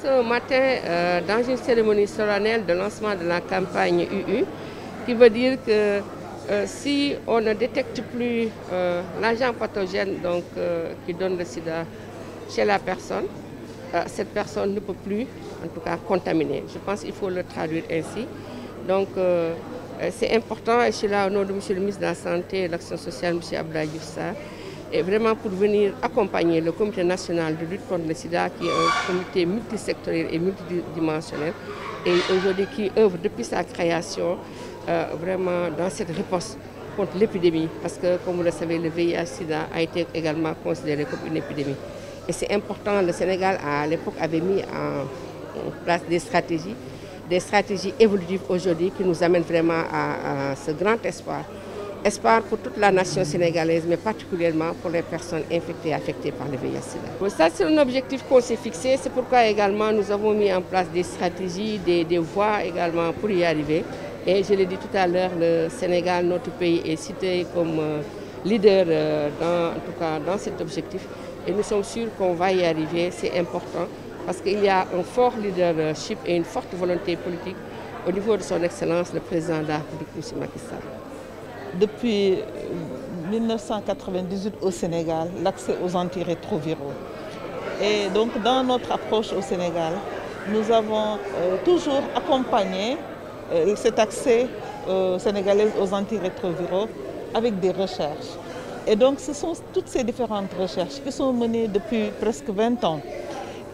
ce matin euh, dans une cérémonie solennelle de lancement de la campagne UU, qui veut dire que euh, si on ne détecte plus euh, l'agent pathogène donc, euh, qui donne le sida chez la personne, euh, cette personne ne peut plus, en tout contaminer. Je pense qu'il faut le traduire ainsi. Donc, c'est important, et je suis là au nom de M. le ministre de la Santé et l'Action sociale, M. Abdoulaye Youssa, et vraiment pour venir accompagner le comité national de lutte contre le sida qui est un comité multisectoriel et multidimensionnel et aujourd'hui qui œuvre depuis sa création euh, vraiment dans cette réponse contre l'épidémie parce que comme vous le savez le VIH-Sida a été également considéré comme une épidémie et c'est important le Sénégal à l'époque avait mis en place des stratégies des stratégies évolutives aujourd'hui qui nous amènent vraiment à, à ce grand espoir espoir pour toute la nation sénégalaise, mais particulièrement pour les personnes infectées et affectées par le VIH-Sida. c'est un objectif qu'on s'est fixé. C'est pourquoi nous avons mis en place des stratégies, des, des voies également pour y arriver. Et je l'ai dit tout à l'heure, le Sénégal, notre pays, est cité comme euh, leader euh, en tout cas Et nous sommes sûrs qu'on va y arriver. C'est parce qu'il y a un fort leadership et une forte volonté politique au niveau de son Excellence, le président de la depuis 1998 euh, au Sénégal, l'accès aux antirétroviraux. Et donc dans notre approche au Sénégal, nous avons euh, toujours accompagné euh, cet accès euh, sénégalais aux avec des recherches. Et donc ce sont toutes ces différentes recherches qui sont presque 20 ans,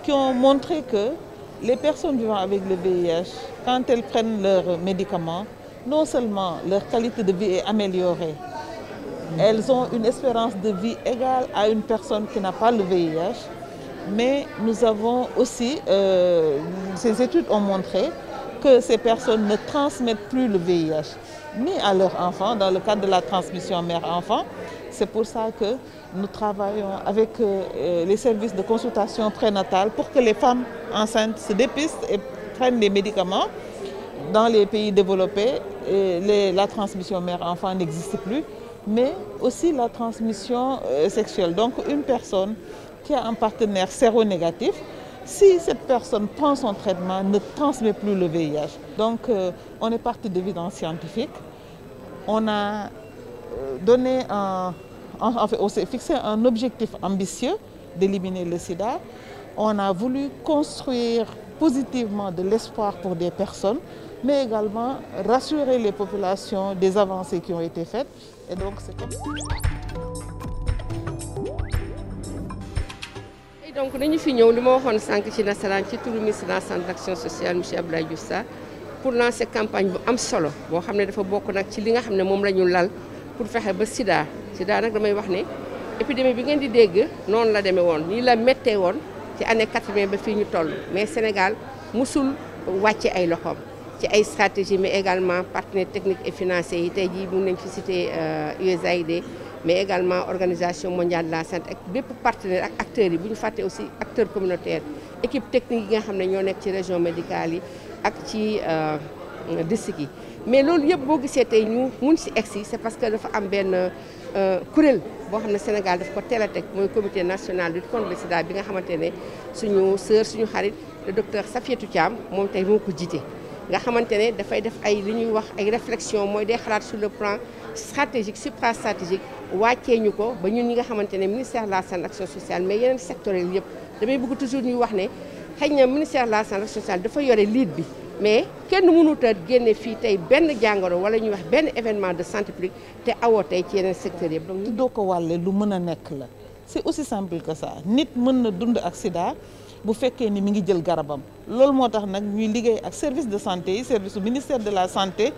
qui ont que les personnes vivant avec le VIH, quand elles prennent non seulement leur qualité de vie est améliorée, elles ont une espérance de vie égale à une personne qui n'a pas le VIH, mais nous avons aussi, euh, ces études ont montré que ces personnes ne transmettent plus le VIH, ni à leurs enfants, dans le cadre de la transmission mère-enfant. C'est pour ça que nous travaillons avec euh, euh, les services de consultation prénatale pour que les femmes enceintes se dépistent et prennent des médicaments dans les pays développés, les, la transmission mère-enfant n'existe plus, mais aussi la transmission euh, sexuelle. Donc une personne qui a un partenaire séronégatif, si cette personne prend son traitement, ne transmet plus le VIH. Donc euh, on est parti d'évidence scientifique. On a euh, donné un, en fait, on s'est fixé un objectif ambitieux d'éliminer le sida. On a voulu construire positivement de l'espoir pour des personnes, mais également rassurer les populations des avancées qui ont été faites. Et donc, c'est comme Et donc, nous finissons, nous avons sank ci nassaran ci tour ministre de la santé action sociale monsieur Abdoulaye Diouf Sarr pour lancer campagne bu am solo boo xam ne dafa bokk nag ci li nga xam ne moom la ñu lal pour fexe ba sida sida nag damay wax ne épidémie bi ngeen di dégg noonu la demee woon nii la méttee woon ci année quatre-vingt ba fii ñu toll mais Sénégal musul wàcce ay loxoom ci ay stratégie mais également partenaires techniques et financiers yi tey jii mun nañ fi citer euh, USAID mais également organisation mondiale la santé ak bépp partenaire ak acteur yi bu ñu fàtte aussi acteurs communautaires équipe technique yi nga xam ne ñoo nekk ci région médicale yi ak ci euh, district yi mais loolu yëpp boo gisee tey ñu mun si egsi c'est parce que dafa am benn Euh, kuréel boo xam ne Sénégal daf ko teel mooy comité national lutte contre le sida bi nga xamante ne suñu sœur suñu xarit le docteur Safiatou Thiam moom tey moo ko jiite. nga xamante ne dafay def ay lu ñuy wax ay réflexion mooy day xalaat sur le plan stratégique supra stratégique cee ñu ko ba ñun ñi nga xamante ne ministère la santé action sociale mais yeneen secteurs yëpp damay bëgg toujours ñuy wax ne xëy na ministère de la santé action sociale dafa yore lead bi. mais kenn mënut a génne fii tey benn jàngoro wala ñuy wax benn événement de santé publique te awoo tey ci yeneen secteur yëpp. doo ko wàlle lu mën a nekk la c'est aussi simple que ça nit mën na dund ak sida bu fekkee ni mi ngi jël garabam loolu moo tax nag ñuy liggéey ak service de santé yi service du ministère de la santé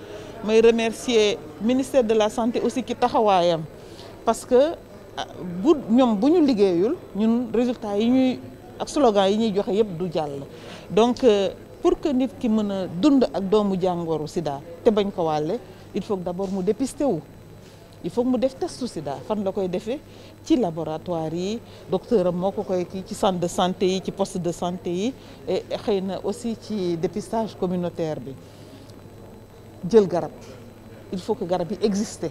may remercier ministère de la santé aussi ki taxawaayam parce que ah, bu ñoom bu ñu liggéeyul ñun résultat yi ñuy ak slogan yi ñuy joxe yëpp du jàll donc. Euh, pour que nit ki mën a dund ak doomu jàngooru sida te bañ ko wàlle il faut d' abord mu dépister wu il faut mu def testu sida fan la koy defee ci laboratoire yi docteur am moo ko koy kii ci centre de santé yi ci poste de santé yi xëy na aussi ci dépistage communautaire bi jël garab il faut que garab yi exister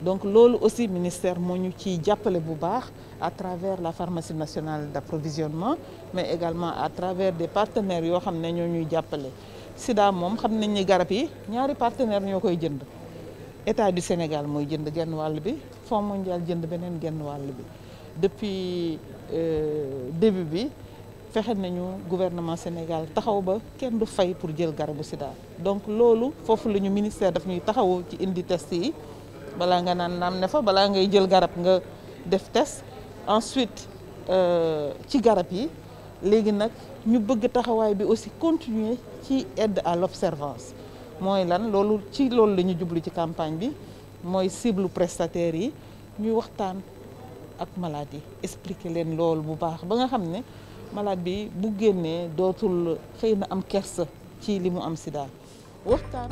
donc loolu aussi ministère moo ñu ci jàppale bu baax à travers la pharmacie nationale d'approvisionnement mais également à travers des partenaires yoo xam ne ñoo ñuy jàppale sida moom xam nañ ni garab yi ñaari partenaire ñoo koy jënd état du Sénégal mooy jënd genn wàll bi Fonds mondial jënd beneen genn wàll bi depuis euh, début bi fexe nañu gouvernement Sénégal taxaw ba kenn du fay pour jël garabu sida donc loolu foofu la ñu ministère daf ñuy taxawu ci indi test yi balaa nga naan naam ne fa balaa ngay jël garab nga def test ensuite euh, ci garab yi léegi nag ñu bëgg taxawaay bi aussi continuer ci aide à l'observance mooy lan loolu ci loolu la ñu jublu ci campagne bi mooy cible prestataires yi ñuy waxtaan ak malade yi expliquer leen loolu bu baax ba nga xam ne malaat bi bu génnee dootul xëy na am kersa ci li mu am sida waxtaan